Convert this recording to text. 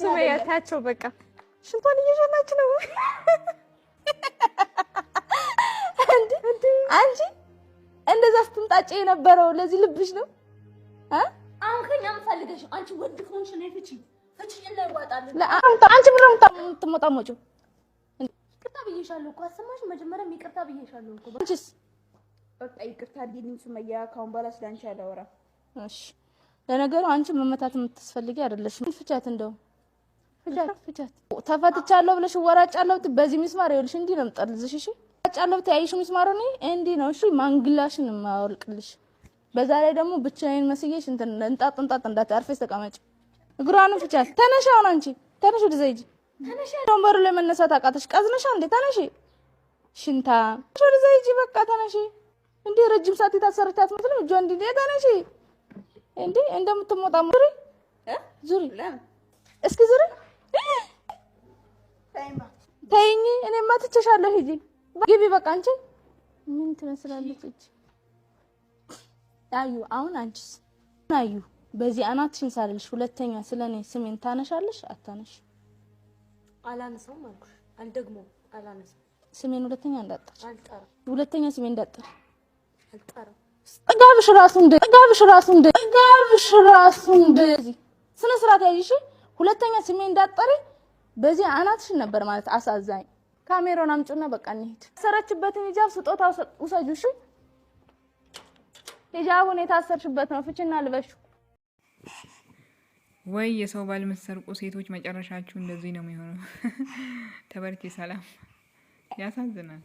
ስመያታቸው በቃ ሽንቷን እየሸናች ነው። አንቺ እንደዛ ስትምጣጭ የነበረው ለዚህ ልብሽ ነው። አሁን ከኛ ምፈልገሽ አንቺ ከሆንሽ ነው። ፍቺ አንቺ ይቅርታ ብዬሻለሁ እኮ መጀመሪያም ይቅርታ ብዬሻለሁ እኮ። አንቺስ በቃ ይቅርታ እንዲልኝ ሱመያ፣ በኋላ ስለ አንቺ አላወራም። እሺ፣ ለነገሩ አንቺ መመታት የምትስፈልጊ አይደለሽም። ፍቻት ፍጃት ፍጃት ተፈትቻለሁ ብለሽ ወራጫለሁ ብትይ በዚህ ሚስማር ይኸውልሽ እንዲህ ነው የምጠልዝሽ። እሺ ወራጫለሁ ብትይ ያየሽው ሚስማር ነው እንዲህ ነው። እሺ ማንግላሽን የማወልቅልሽ። በዛ ላይ ደግሞ ብቻዬን መስዬሽ እንትን እንጣጥ እንጣጥ እንዳትዪ። ተቀመጭ። እግሯንም ፍቻት። ተነሽ አሁን አንቺ ተነሽ፣ ወደዛ ሂጂ። ወንበሩ ላይ መነሳት አቃተሽ። ቀዝነሻ እንዴ? ተነሽ ሽንታ። ወደዛ ሂጂ በቃ ተነሽ። እንዴ ረጅም ሰዓት የታሰረች አትመስልም? እጇ እንዲህ ተነሽ። እንዴ እንደምትሞጣ ዙሪ ዙሪ፣ እስኪ ዙሪ ተይኝ፣ እኔማ ትቼሻለሁ። ሂጂ ግቢ፣ በቃ አንቺ ምን ትመስላለች እቺ አዩ። አሁን አንቺስ አዩ፣ በዚህ አናትሽን ሳልልሽ ሁለተኛ ስለኔ ስሜን ታነሻለሽ? አታነሽ። አላነሳውም አልኩሽ፣ አልደግሞም፣ አላነሳውም። ስሜን ሁለተኛ እንዳጠር፣ ሁለተኛ ስሜን እንዳጠር ጥጋብሽ ራሱ እንደ ጥጋብሽ ራሱ እንደ ጥጋብሽ ራሱ እንደ ስነ ስርዓት ያይሽ። ሁለተኛ ስሜን እንዳጠሪ በዚህ አናትሽን ነበር ማለት አሳዛኝ። ካሜራውን አምጪና በቃ እንሂድ። ሰረችበትን ሂጃብ ስጦታ ውሰጁ። እሺ ሂጃቡን የታሰርሽበት ነው፣ ፍችና ልበሹ። ወይ የሰው ባል ምትሰርቁ ሴቶች መጨረሻችሁ እንደዚህ ነው የሚሆነው። ተበርኬ ሰላም። ያሳዝናል።